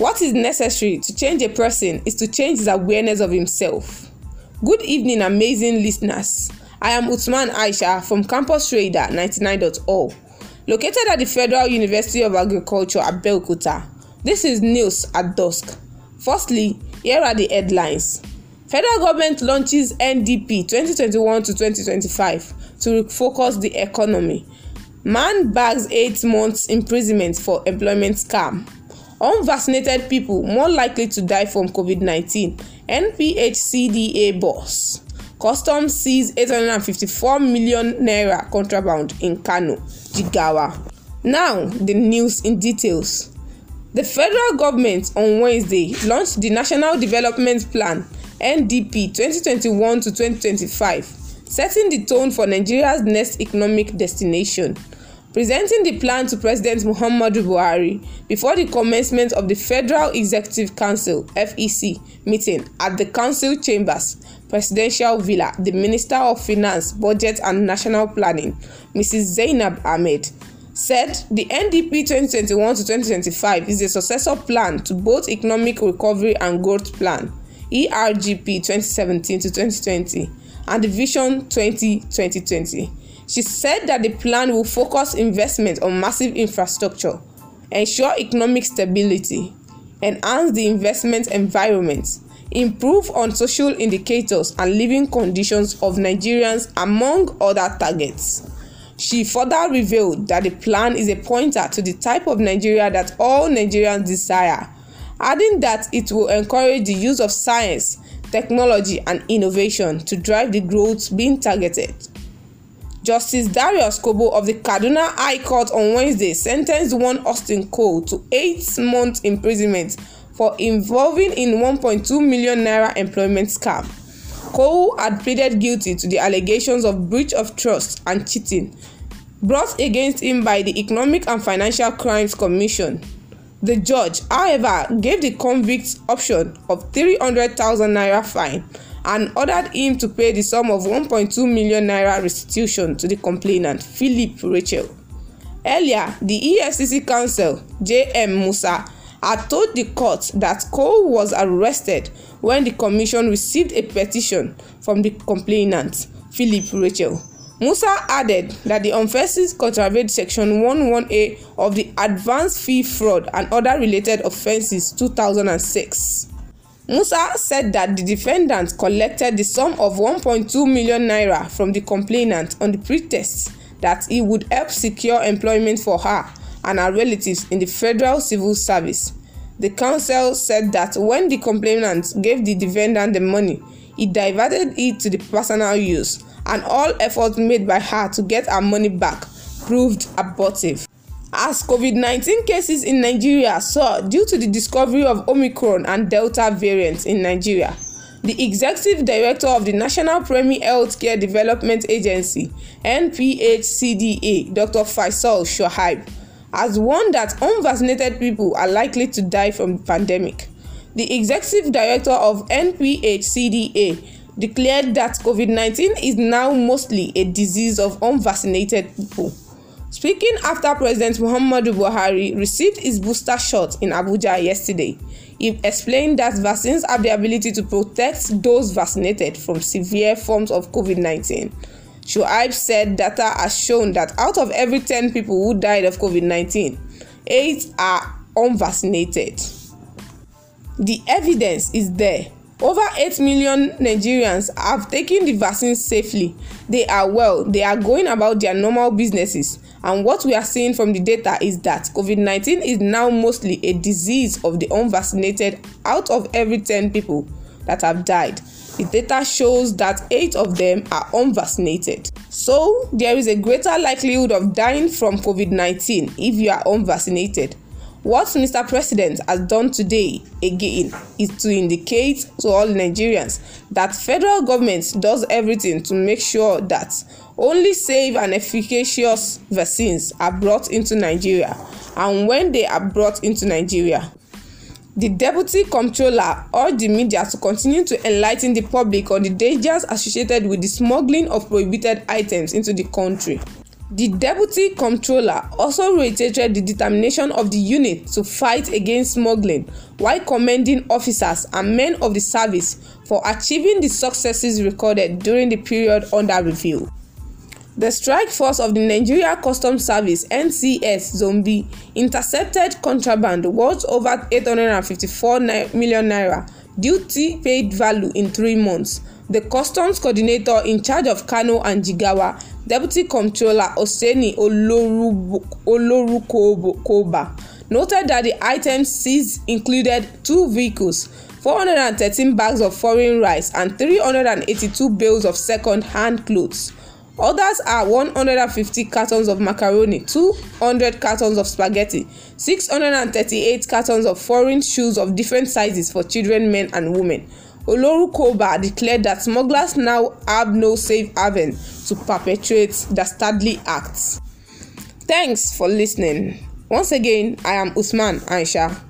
What is necessary to change a person is to change his awareness of himself. Good evening, amazing listeners. I am Utman Aisha from Campus Radar 99.0, located at the Federal University of Agriculture, Abeokuta. This is news at dusk. Firstly, here are the headlines. Federal government launches NDP 2021 to 2025 to refocus the economy. Man bags eight months imprisonment for employment scam unvaccinated people more likely to die from covid-19 nphcda boss customs sees 854 million naira contraband in kano jigawa now the news in details the federal government on wednesday launched the national development plan ndp 2021 to 2025 setting the tone for nigeria's next economic destination presenting the plan to President Muhammadu Buhari before the commencement of the Federal Executive Council (FEC) meeting at the Council Chambers, Presidential Villa, the Minister of Finance, Budget and National Planning, Mrs. Zainab Ahmed, said the NDP 2021 to 2025 is a successor plan to both Economic Recovery and Growth Plan (ERGP) 2017 to 2020 and the Vision 2020. 2020 She said that the plan will focus investment on massive infrastructure, ensure economic stability, enhance the investment environment, improve on social indicators and living conditions of Nigerians, among other targets. She further revealed that the plan is a pointer to the type of Nigeria that all Nigerians desire, adding that it will encourage the use of science, technology, and innovation to drive the growth being targeted. Justice Darius Kobo of the Kaduna High Court on Wednesday sentenced one Austin Cole to eight months imprisonment for involving in 1.2 million naira employment scam. Cole had pleaded guilty to the allegations of breach of trust and cheating brought against him by the Economic and Financial Crimes Commission The judge, however, gave the convict option of 300,000 naira fine and ordered him to pay the sum of 1.2 million naira restitution to the complainant, Philip Rachel. Earlier, the EFCC counsel, J.M. Musa, had told the court that Cole was arrested when the commission received a petition from the complainant, Philip Rachel, Musa added that the offences contravened Section 11A of the Advance Fee Fraud and Other Related Offences 2006. Musa said that the defendant collected the sum of 1.2 million naira from the complainant on the pretext that he would help secure employment for her and her relatives in the Federal Civil Service. The counsel said that when the complainant gave the defendant the money, he diverted it to the personal use and all efforts made by her to get her money back proved abortive. As COVID 19 cases in Nigeria soar due to the discovery of Omicron and Delta variants in Nigeria, the executive director of the National Premier Healthcare Development Agency NPHCDA, Dr. Faisal Shoaib, has warned that unvaccinated people are likely to die from the pandemic. The executive director of NPHCDA declared that COVID 19 is now mostly a disease of unvaccinated people. Speaking after President Muhammadu Buhari received his booster shot in Abuja yesterday, he explained that vaccines have the ability to protect those vaccinated from severe forms of COVID 19. Shuaib said data has shown that out of every 10 people who died of COVID 19, 8 are unvaccinated. The evidence is there Over 8 million Nigerians have taken the vaccine safely. They are well, they are going about their normal businesses. And what we are seeing from the data is that COVID 19 is now mostly a disease of the unvaccinated out of every 10 people that have died. The data shows that 8 of them are unvaccinated. So, there is a greater likelihood of dying from COVID 19 if you are unvaccinated. What Mr. President has done today, again, is to indicate to all Nigerians that federal government does everything to make sure that only safe and efficacious vaccines are brought into Nigeria and when they are brought into Nigeria. The Deputy Comptroller urged the media to continue to enlighten the public on the dangers associated with the smuggling of prohibited items into the country. The Deputy Comptroller also reiterated the determination of the unit to fight against smuggling while commending officers and men of the service for achieving the successes recorded during the period under review. The strike force of the Nigeria Customs Service NCS Zombi intercepted contraband worth over 854 million naira duty paid value in three months. The customs coordinator in charge of Kano and Jigawa Deputy Comptroller Oseni Olorukoba noted that the items seized included two vehicles, 413 bags of foreign rice, and 382 bales of second hand clothes. Others are 150 cartons of macaroni, 200 cartons of spaghetti, 638 cartons of foreign shoes of different sizes for children, men, and women. Olorukoba declared that smugglers now have no safe haven to perpetrate the Studley acts. Thanks for listening. Once again, I am Usman Aisha.